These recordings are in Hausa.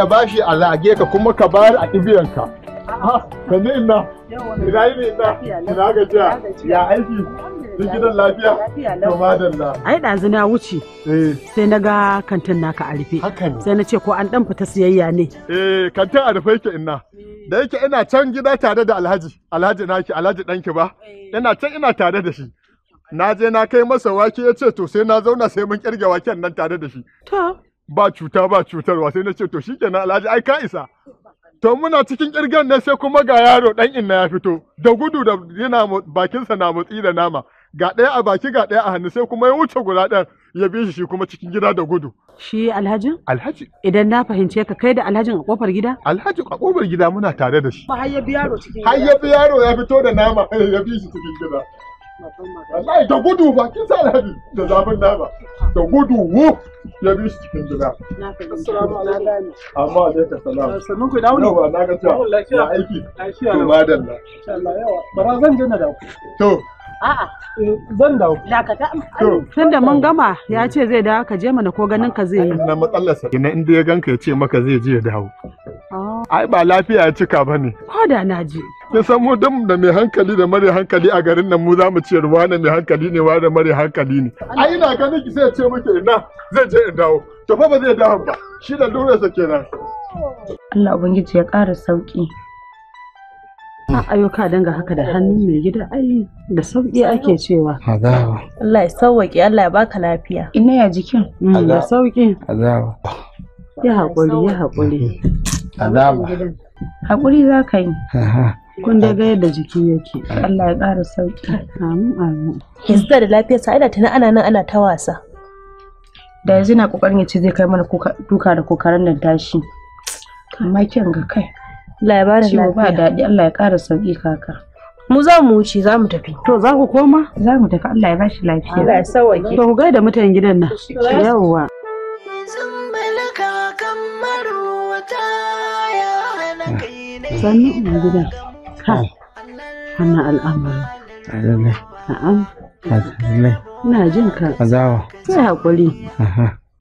da bashi a zage ka kuma ka bayar a Ka ne ina, ina yi ne ina, ina jiya, ya aiki, sun gidan lafiya, to madalla. Ai ɗazu na wuce, eh. sai na ga kantin naka a rufe. Sai na ce ko an ɗan fita siyayya ne. Eh, kantin a rufe ke ina. da yake ina can gida tare da alhaji alhaji naki alhaji ɗanki ba ina can ina tare da shi na je na kai masa wake ya ce to sai na zauna sai mun kirge waken nan tare da shi ba cuta ba cutarwa sai na ce to shi shikenan alhaji ai ka isa to muna cikin kirgan ne sai kuma ga yaro dan inna ya fito da gudu da yana bakinsa na motsi da nama ga ɗaya a baki ga ɗaya a hannu sai kuma ya wuce guda ɗaya ya bi shi shi kuma cikin gida da gudu. Shi alhajin? Alhaji. Idan na fahimce ka kai da alhajin a kofar gida? Alhaji a kofar gida muna tare da shi. Har ya bi yaro cikin gida. Har ya bi yaro ya fito da nama ya bi shi cikin gida. wallahi da gudu ba kin sa alhaji da zafin ba. da gudu wo ya bi shi cikin gida assalamu alaikum amma dai ka salam eh, sannan ku dawo yawa na ga cewa aiki to madalla insha Allah yawa bara zan je na ku. to A'a. Eh, zan dawo. Dakata. Tun da mun gama ya ce zai dawo ka je mana ko ganin ka zai yi. Na matsalarsa. Ina inda ya ganka ya ce maka zai je ya dawo. Ah. Ai ba lafiya ya cika ba ne. Ko da na ji. Ya san mu dan da mai hankali da mare hankali a garin nan mu za mu ce ruwa mai hankali ne wa mare hankali ne. Ai ina ganin ki sai ya ce maka ina zai je in dawo. To fa ba zai dawo ba. Shi da lura sa kenan. Allah Ubangiji ya ƙara sauƙi. a ayyuka danga haka da hannu mai gida ai da sauki ake cewa azawa Allah ya sauwaƙe Allah ya baka lafiya ina ya jikin mm, da sauki azawa ya haƙuri ya haƙuri mm-hmm. azawa haƙuri za ka yi kun dai ga yadda jiki yake Allah ya ƙara sauki amin amin yanzu da lafiya sa'ida tana ana nan ana ta wasa da yanzu na kokarin ya ce zai kai mana duka da kokarin nan tashi amma kin ga kai labarin ya bada lafiya. ba daɗi Allah ya ƙara sauƙi kaka. Mu za mu wuce za mu tafi. To za ku koma? Za mu tafi Allah ya ba shi lafiya. Allah ya sauwaƙe. To ku ga da mutan gidan nan. Yawwa. Sannu a gida. Ha. Hana al'amari. Adalai. Na'am. Adalai. Ina jin ka. Azawa. Sai haƙuri.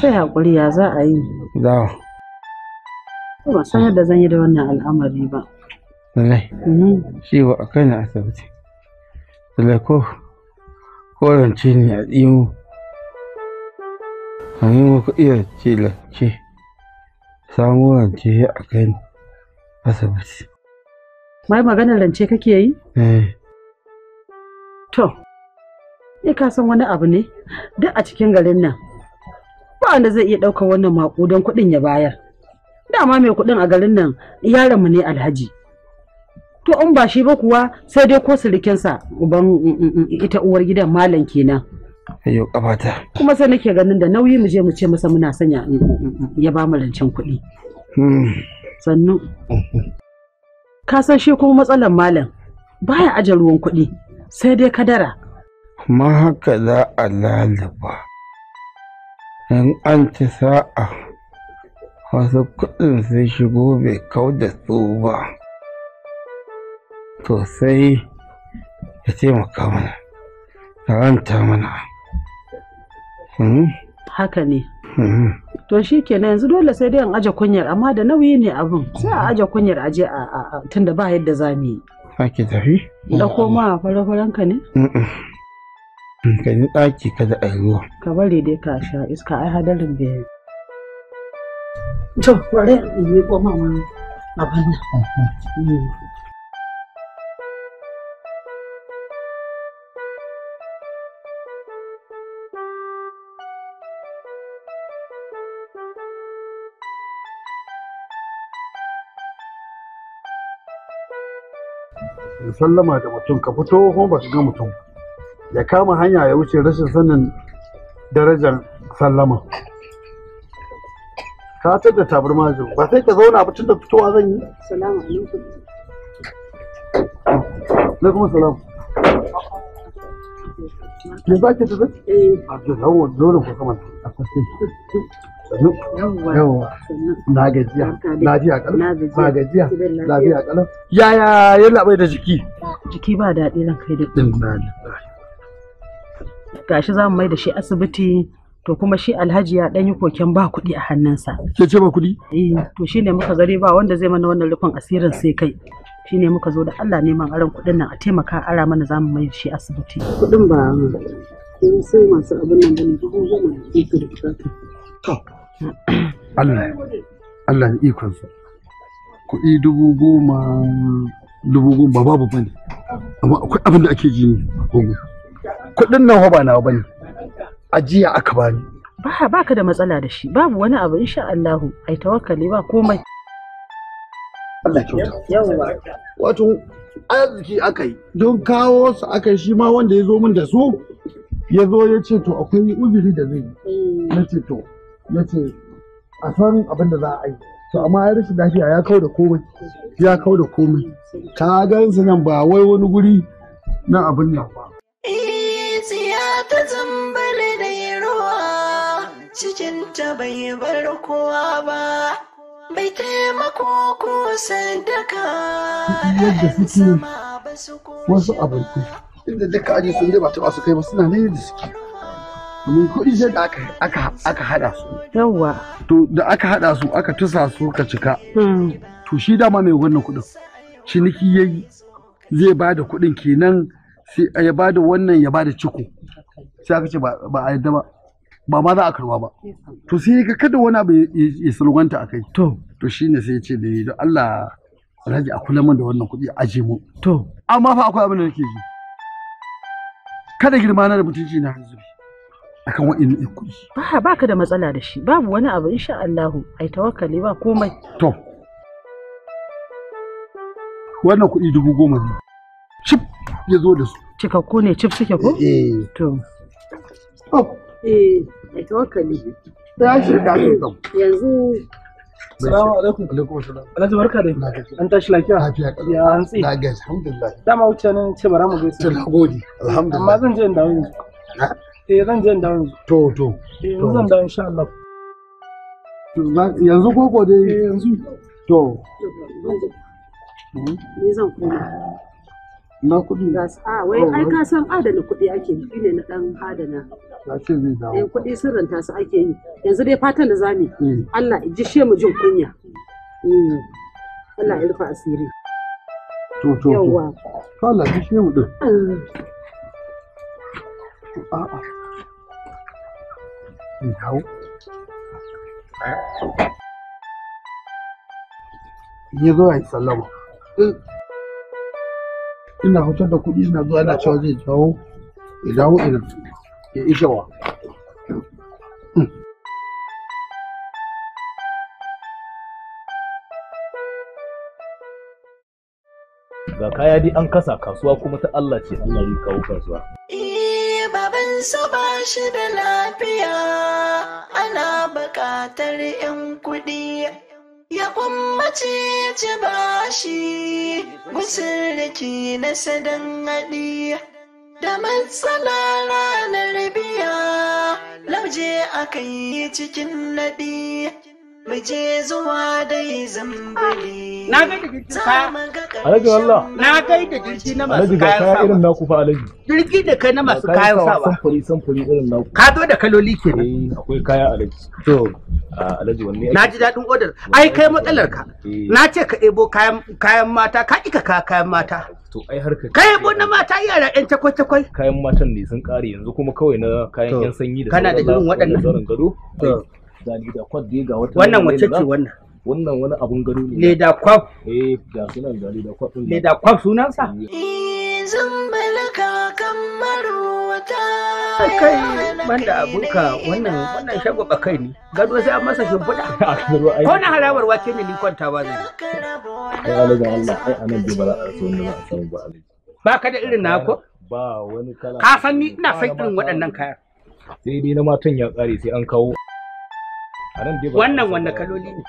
Sai haƙuri ya za a yi. Azawa. Ba san yadda zan yi da wannan al'amari ba. Wallahi. Ciwo mhm. a kai na asibiti. Wallahi ko korance ne a tsimo. A yi muku iya ce lance. Samu rance ya a kai asibiti. Mai maganar rance kake yi? Eh. To, ni ka san wani abu ne duk a cikin garin nan. Ba wanda zai iya ɗaukar wannan maƙudan kuɗin ya bayar. dama mai kuɗin a garin nan yaronmu ne alhaji to in ba shi ba kuwa sai dai ko sirikinsa uban mm, mm, mm, ita uwar gidan malam kenan ayo kafata kuma sai nake ganin da nauyi mu je mu ce masa muna sanya ya ba mu rancen kuɗi hmm. sannu ka san shi kuma matsalar malam baya aje ruwan kuɗi sai dai kadara ma haka za a lalaba in an ci sa'a wasu kuɗin sun shigo bai kau da su ba to sai ya taimaka mana ya ranta mana hmm? haka ne hmm. to shi kenan yanzu dole sai dai an aje kunyar amma da nauyi ne abin sai a aje kunyar aje a tun da ba yadda za mu yi ake tafi da koma a farafaran ka ne ka yi ɗaki kada a yi ruwa ka bari dai ka sha iska ai hadarin bai to sallama da mutum ka fito kuma ba ga mutum ya kama hanya ya wuce rashin sanin darajar sallama ka da tabarma zan ba sai ka zauna ba tunda fitowa zan yi assalamu alaikum alaikum salam me ki eh dole ku yawwa na gajiya na ji na gajiya na ji yaya ya labai da jiki jiki ba daɗi kai da ɗin gashi za mu mai da shi asibiti to kuma shi alhaji ya ɗan yi koken ba kuɗi a hannunsa. Ke ce ba kuɗi? Eh, to shi ne muka gare ba wanda zai mana wannan rufin asirin sai kai. Shi ne muka zo da Allah neman aron kuɗin nan a taimaka ara mana za mu mai shi asibiti. Kuɗin ba eh, sai masu abin nan bane dubu goma da ke da bukata. Allah Allah ya ikon sa. Kuɗi dubu goma dubu goma ba babu bane. Amma akwai abin da ake ji ne. Kuɗin nan ba nawa bane. ajiya aka bani ba baka da matsala da shi babu wani abu insha Allah ai tawakkali ba komai Allah kyauta yawa wato arziki aka yi don kawo su aka yi shi ma wanda ya zo min da su ya zo ya ce to akwai uzuri da zai mm. na ce to ya ce a san abin da za a yi to amma ya rashin lafiya ya kau da komai ya kau da komai ka gan nan ba wai wani guri na abin nan ba cikinta bai bar kowa ba bai taimako ko sadaka sama ba su wasu abinci inda duka aji sun zai ba su kai ba suna nan da suke domin kuɗi sai da aka haɗa su yawwa to da aka haɗa su aka tusa su ka cika hmm. to shi dama mai wannan kuɗin ciniki ya yi zai ba da kuɗin kenan sai ya ba da wannan ya ba da ciko sai aka ce ba a yadda ba ba ma za a karba ba to sai ga kada wani abu ya salwanta a kai to to shine sai ya ce da don Allah Alhaji a kula min da wannan kuɗi a aje mu to amma fa akwai abin da nake ji kada girma na da mutunci na hanzu akan wa'in ɗin kuɗi ba ba ka da matsala da shi babu wani abu insha Allah ai tawakkali ba komai to wannan kuɗi dubu goma ne chip ya zo da su cikakku ne chip suke ko eh, eh. to eh da tawakkali ta Salamu alaikum. Alaikum salam. An tashi mu Amma zan je in dawo eh, zan je in dawo To to. Eh, zan dawo Allah. Yanzu ko ko dai eh, yanzu. To. Hmm? Ni zan koma. na kuɗi a ah, wai ai ka san adana kuɗi ake yi ne na ɗan adana na zai dawo eh kuɗi sirrinta su ake yi yanzu dai fatan da zamu eh. Allah ji she mu jin kunya hmm. Allah ya rufa asiri to to yawa to Allah ji she mu din a ah. a zai dawo ya zo sallama eh. ina fitar da kuɗi ina zuwa ina cewa zai jawo ya dawo ina ya ishe wa ga kaya dai an kasa kasuwa kuma ta Allah ce Allah ya kawo kasuwa eh, baban su ba shi da lafiya ana buƙatar 'yan kuɗi yabon ci bashi busirki na sadan haɗi da matsala ranar biya lauje akayi kai cikin naɗi muje zuwa dai zambali na ga Alhaji wallah. Na kai da jirgi na masu kayan sawa. Alhaji irin naku fa Alhaji. Jirgi da kai na masu kayan sawa. samfuri irin naku. Ka zo da kaloli ke eh, akwai kaya Alhaji. To ah, Alhaji wanne. Na ji daɗin odar. Ai kai matsalar ka. Eh. Na ce ka ebo kayan mata ka ka kayan mata. To ai harka. Kai ebo na mata yara ƴan takwai-takwai. Kayan matan ne sun ƙare yanzu kuma kawai na kayan ƴan sanyi da sauran gado. Kana da irin waɗannan. Wannan wace ce wannan? wannan wani abun gado ne leda kwaf eh ga sunan da leda kwaf din leda kwaf sunan sa eh. zan balaka kamar wata kai banda abunka wannan wannan shagwaba kai ne gado sai an masa shimfiɗa ko na harawar wake ne ni kwanta ba zai ya alaga Allah ai anan bai ba za a so wanda a samu ba alaji ba ka da irin na ba wani kala ka san ni ina san irin waɗannan kaya. sai dai na matan ya tsare sai an kawo wannan wannan kaloli ne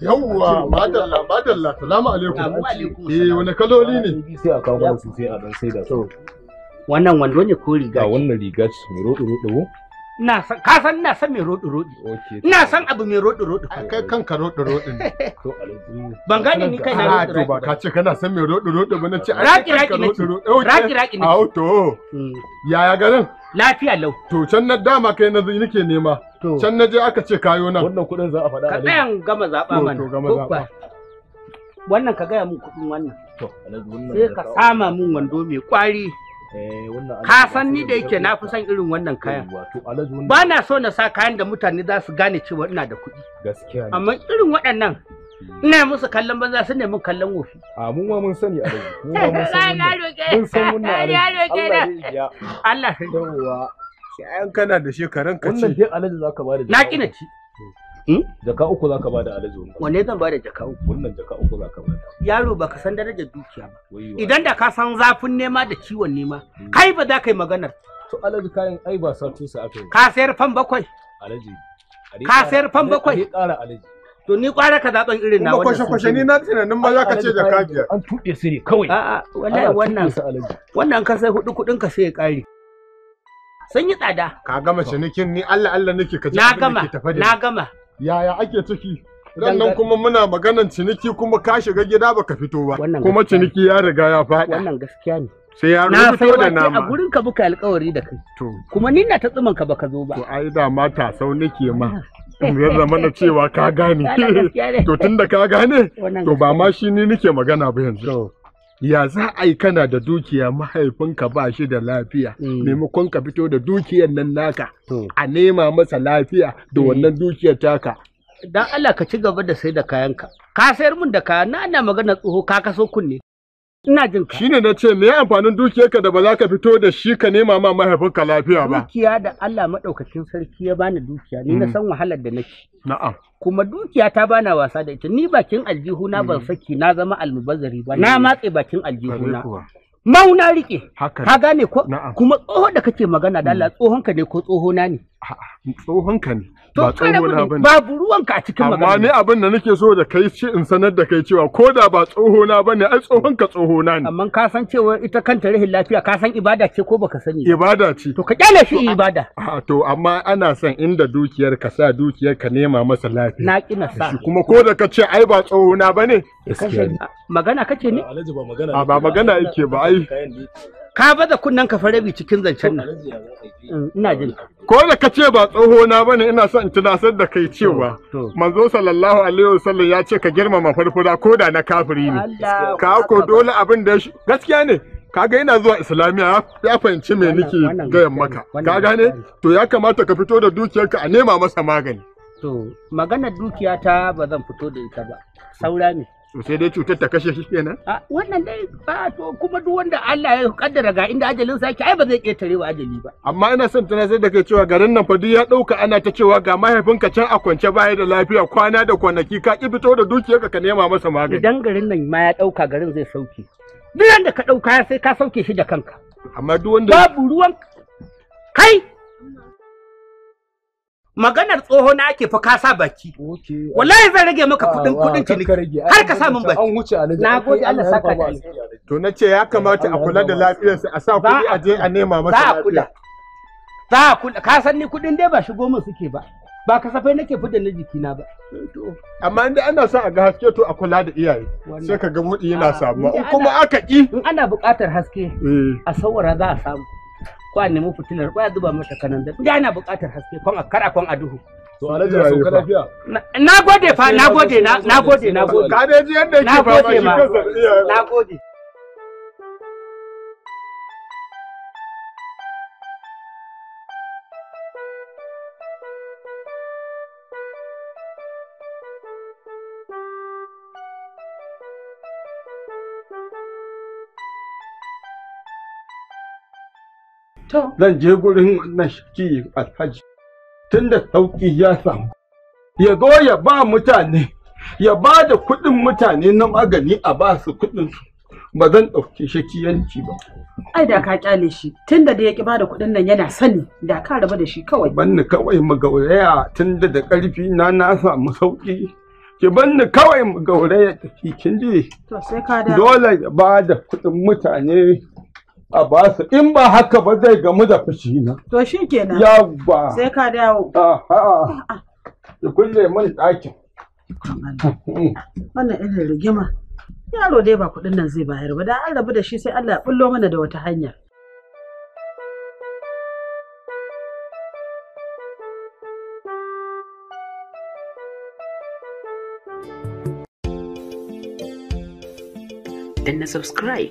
yawwa madalla madalla salamu alaikum eh wani kaloli ne sai a kawo su sai a dan sai da wannan wando ne ko riga wannan riga ce mai rodo rodo ina san ka san ina san mai rodi rodi ina san abu mai rodi rodi kai kanka rodi rodi ban gane ni kai na rodi ah, rodi ba ka ce kana san mai rodi rodi ba nace raki raki nace raki raki nace au to hmm. yaya garin lafiya lau to can na dama kai na nake nema can na je aka ce kayo nan wannan kudin za a faɗa ka tsayan gama zaba mana to gama zaba wannan ka gaya mun kudin wannan to sai ka sama mun wando mai kwari Eh, ka san ni da yake na fi son irin wannan kayan ba na so na sa kayan da mutane za su gane cewa ina da kuɗi amma irin waɗannan ina musu kallon banza su nemi kallon wofi a mun wa mun sani a mun san mun Allah kana da ka ci wannan dai alaji bada na kina ci Hmm? Jaka uku za ka bada alaji wani. Wanne zan bada jaka uku? Wannan jaka uku za ka bada. Yaro ba ka san darajar dukiya ba. Idan da ka san zafin nema da ciwon nema, hmm. kai ba za ka yi maganar. To alaji kayan ai ba sa tusa aka Ka sayar fan bakwai. Alaji. Ka sayar fan bakwai. Ka kara alaji. To ni kwara ka zaɓen irin na wannan. Kuma kwashe ni na tunanin ba za ka ce jaka biyar. An tuɗe su ne kawai. A'a wallahi wannan wannan ka sai hudu kudin ka sai ya ƙare. Sun yi tsada. Ka gama cinikin ni Allah Allah nake ka ji na gama na gama yaya ake ciki sannan kuma muna maganan ciniki kuma ka shiga gida baka fito ba kuma ciniki ya riga ya faɗa wannan gaskiya ne sai ya fito da nama a gurin ka buka alƙawari da kai kuma ni na ta tsuman ka baka zo ba to ai da ma sau nake ma ah. ya zama na cewa ka gane to tunda ka gane to ba ma shi ni nake magana ba yanzu ya za a yi kana da dukiya mahaifinka ba shi da lafiya hmm. maimakon ka fito da dukiyar nan naka hmm. a nema masa lafiya da hmm. wannan dukiyar taka dan Allah ka ci gaba da sai da kayanka ka sayar mun da kaya na ana magana tsoho ka kaso kunne ina jin ka shine na ce me amfanin ka da ba za ka fito da shi ka nema ma mahaifinka lafiya ba dukiya da Allah madaukakin sarki ya bani dukiya ni na mm. san wahalar da nake na'am kuma dukiya ta bana wasa da ita ni bakin aljihu na ban mm. saki na zama almubazzari ba na mm. matse bakin aljihu na mauna rike ka gane ko kuma tsoho da kake magana da Allah tsohonka ne ko tsohona ne tsohonka ne To kare babu ruwanka a cikin magana. Amma ni abin da nake so da kai ce in sanar da kai cewa ko da ba tsohona ba ne ai tsohon ka tsohonka na ne. Amma ka san cewa ita kanta rahin lafiya ka san ibada ce ko baka sani. Ibada ce. To ka kyale shi ibada. To amma ana son inda dukiyar ka sa dukiyar ka nema masa lafiya. Na kina sa. Kuma ko da ka ce ai ba tsohona ba ne. Magana kake ne? Alhaji ba magana. Ba magana yake ba ai. ka baza kunnen ka farabi cikin zancen nan ina jin ko da ka ce ba tsoho na bane ina son in tunasar da kai cewa manzo sallallahu alaihi wasallam ya ce ka girmama farfura ko da na kafiri ne ka ko dole abin da gaskiya ne kaga ina zuwa islamiya ya fahimci me nake gayan maka ka gane to ya kamata ka fito da dukiyarka a nema masa magani to maganar dukiya ta ba zan fito da ita ba saura ne To sai dai cutar ta kashe shi kenan? Wannan dai ba to kuma duk wanda Allah ya kaddara ga inda ajalin sa yake ai ba zai ketare wa ajali ba. Amma ina son tana sai da kai cewa garin nan fa duk ya dauka ana ta cewa ga mahaifinka can a kwance baya da lafiya kwana da kwanaki ka ki fito da ka ka nema masa magani. Idan garin nan ma ya dauka garin zai sauke. Duk yanda ka dauka sai ka sauke shi da kanka. Amma duk wanda babu ruwan kai maganar tsoho na ake fa kasa baki wallahi zan rage maka kudin kudin ciniki har ka samu baki an alaji na gode Allah saka da to na ce ya kamata a kula da lafiyarsa a sa kudi a je a nema masa lafiya za a kula ka san ni kudin dai ba shigo min suke ba ba kasafai nake fidda na jikina ba. Amma inda ana son a ga haske to a kula da iyaye sai ka ga mudi yana ah, samu kuma aka ƙi. In ana buƙatar haske eh. a saurara za a samu. ko a nemi fitinar ko a zuba mata kanan da ya na bukatar haske kon a kara kon a duhu to alhaji ya ka lafiya na gode fa na gode na gode na gode ka dai ji yadda yake ba shi kansa na gode zan je gurin wannan shaki alhaji tunda sauki ya samu ya zo ya ba mutane ya ba da kuɗin mutane na magani a ba su kuɗin su ba zan ɗauki shakiyanci ba. Ai da ka kyale shi tunda da ya ƙi bada kuɗin nan yana sani da ka raba da shi kawai. Banni kawai mu gauraya tunda da ƙarfi na na samu sauƙi. Ki banni kawai mu gauraya da shi kin ji. To sai ka da. Dole ya ba da kuɗin mutane a ba su in ba haka ba zai gamu da fushi na. To shi kenan. Yawwa. Sai ka dawo. Aha. Ki kulle min ɗakin. Wannan irin rigima. Yaro dai ba kuɗin nan zai bayar ba, da an rabu da shi sai Allah ya bullo mana da wata hanya. na subscribe.